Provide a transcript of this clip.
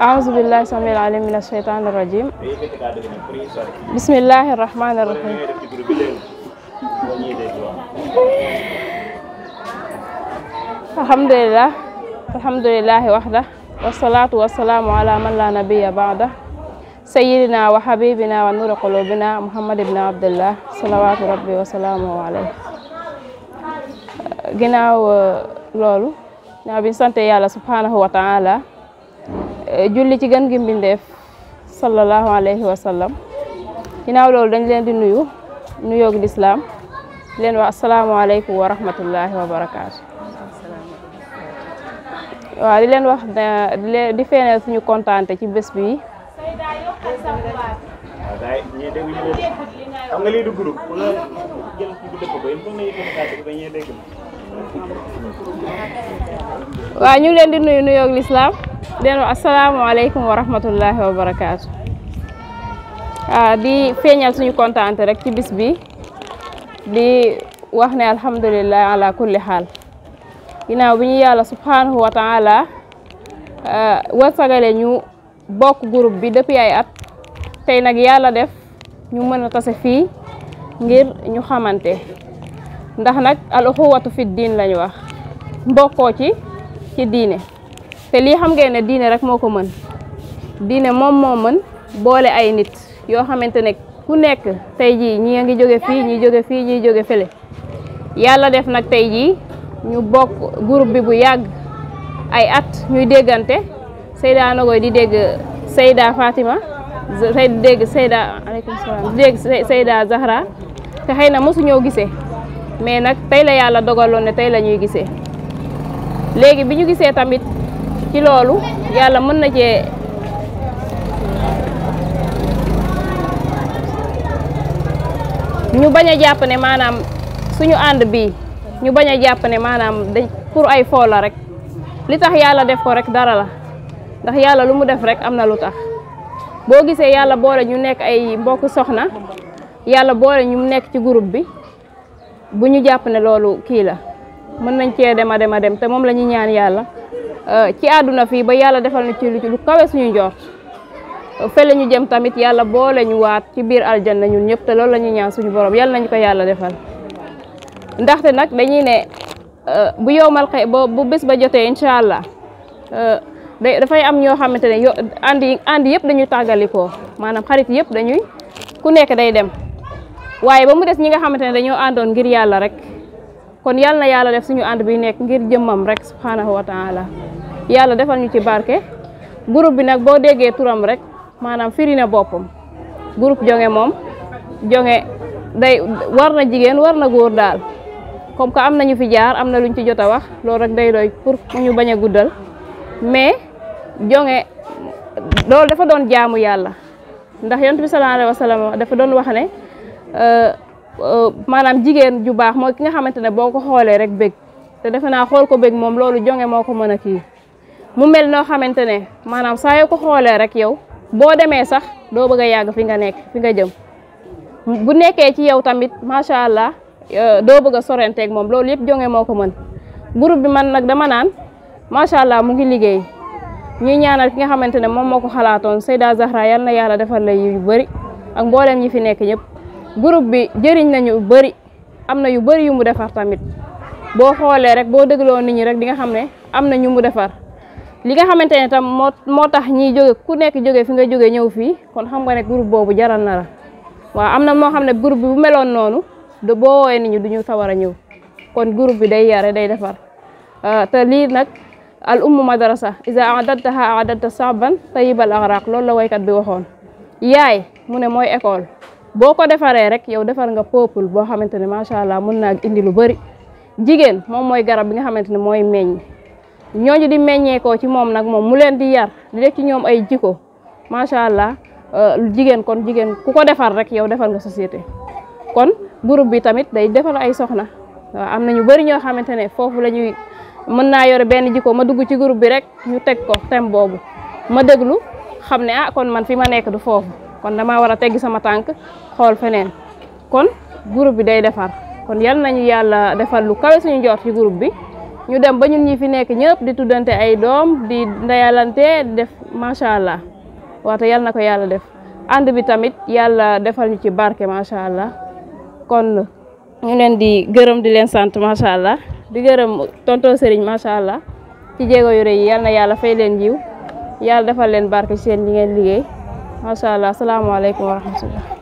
أعوذ بالله السميع العليم من الشيطان الرجيم بسم الله الرحمن الرحيم الحمد لله الحمد لله وحده والصلاة والسلام على من لا نبي بعده سيدنا وحبيبنا ونور قلوبنا محمد بن عبد الله صلوات ربي وسلامه عليه ginnaaw loolu ñaaw biñ sante yàlla subhaanahu wa taala eh, julli ci gën gi mbindeef sallallahu alayhi wa sallam ginnaaw loolu dañ leen di nuyu nuyoog lislaam leen wax asalaamaaleykum wa rahmatullahi wa barakaatu waaw di leen wax di feeneel suñu kontaante ci bés bi waaw ñu leen di nuyu nuyoog lislaam den wa asalaamaaleykum wa rahmatullahi wa barakaatu ah, di feeñal suñu kontaante rekk ci bis bi di wax ne alhamdulilah ala kulli xaal ginnaaw bi ñu yàlla subhanahu wa taala ah, warsagale ñu bokk groupe bi depuis ay at tey nag yàlla def ñu mën a tase fii ngir ñu xamante ndax nag al uxuwatu fi diin lañu wax mbokkoo ci ci diine te lii xam ngeen ne diine rek moo ko mën diine moom moo mën boole ay nit yoo xamante ne ku nekk tey jii ñi a ngi jóge fii ñi jóge fii ñi jóge fële yàlla def nag tey jii ñu bokk groupe bi bu yàgg ay at ñuy déggante Seyda Nogoy di dégg Seyda Fatima di dégg Seyda aleykum salaam di dégg te xëy na mosu ñoo gisee mais nak tay la yalla dogaloon ne tey la ñuy gisee léegi tamit ci lolu yalla mën na je ñu baña japp né ne suñu and bi ñu baña japp né ne dañ pour ay fo la rek li tax yalla def ko rek dara la ndax yalla lu mu def rek amna lu tax nek gisé yalla boole ñu nekk ay mbokk soxna yalla boole ñu nekk ci groupe bi bu ñu jàpp ne loolu kii la mën nañ cee dem a dem a dem te moom la ñu ñaan yàlla euh, ci àdduna fii ba yàlla defal na ci lu ci lu kawe suñu njort fële ñu jëm tamit yàlla boole ñu waat ci biir aljan aljanna ñun ñëpp te loolu la ñuy ñaan suñu borom yàlla nañu ko yàlla defal ndaxte nag dañuy ne euh, bu yowmal xëy ba bu bés ba jotee incha allah euh, dafay am ñoo xamante ne yo ànd yëpp dañuy tàggalikoo maanaam xarit yëpp dañuy ku nekk day dem waye ba mu dess ñi nga xamante ne dañoo ngir yalla rek kon yalla na def suñu and bi nek ngir jëmmam rek subhanahu wa taala yalla defal ñu ci barké groupe bi nak bo déggé turam rek manam firina bopam Guru groupe jonge mom, jonge day warna jigen, warna goor na comme ko am ñu fi jaar am luñ ci jot wax loolu rek day doy pour ñu baña guddal mais jonge lool dafa doon jaamu yalla ndax yonent bi sallallahu alaihi wasallam dafa doon wax ne Euh, euh, maanaam jigéen ju baax mooy ki nga xamante ne boo ko xoolee rek bëgg te defe naa xool ko bëgg moom loolu jonge moo ko mën a kii mu mel noo xamante ne maanaam saa ko xoolee rek yow boo demee sax doo bëgg a yàgg fi nga nekk fi nga jëm bu nekkee ci yow tamit macha allah euh, doo bëgg a sorenteeg moom loolu yëpp jonge moo ko mën groupe bi man nag dama naan macha allah mu ngi liggéey ñuy ñaanal ki nga xamante ne moom moo ko xalaatoon Seyda Zahra yal na yàlla defal la yu bëri ak ñi fi nekk ñëpp. groupe bi jëriñ nañu bëri am na yu bëri yu mu defar tamit boo xoolee rek boo dégloo nit ñi rek di nga xam ne am na ñu mu defar li nga xamante ne tam moo moo tax ñiy jóge ku nekk jóge fi nga jóge ñëw fii kon xam nga ne groupe boobu jaral na waa am na moo xam ne groupe bu meloon noonu boo woowee niñu ñi du ñu sawar a ñëw kon groupe bi day yare day defar euh, te lii nag al ummu madrasa isa adattaha adatta saban tayibal axraq loolu la woykat bi waxoon yaay mu ne mooy école boko defare rek yow defal nga peuple bo xamanteni ma sha allah mun naa indi lu bari jigen mom moy garab bi nga xamanteni moy meñ ñooñu di ko ci mom nag mom mu len di yar di def ci ñom ay ma sha allah euh, jigen kon jigen, ku ko defar rek yow defal nga société kon groupe bi tamit day defal ay soxna amna ñu bari ño xamanteni fofu lañuy la mën na yor ben jiko ma dugg ci groupe bi rek ñu tek ko tem bobu ma deglu xamne ah kon man fi ma nek du fofu kon dama wara sama tank, xol fenen kon groupe bi day defar kon yal nañu yalla defal lu kawé suñu jor ci groupe bi ñu dem ba ñun ñi fi nekk ñepp di tudante ay dom di ndayalante def macha allah nako yal nako yalla def and bi tamit yalla defal ñu ci barke macha allah kon ñu len di gërëm di leen sant macha di gërëm tonton Serigne macha allah ci jéego yu reuy yalla yal na fay len jiw yalla defal len barké seen li ngeen liggéey ما شاء الله السلام عليكم ورحمة الله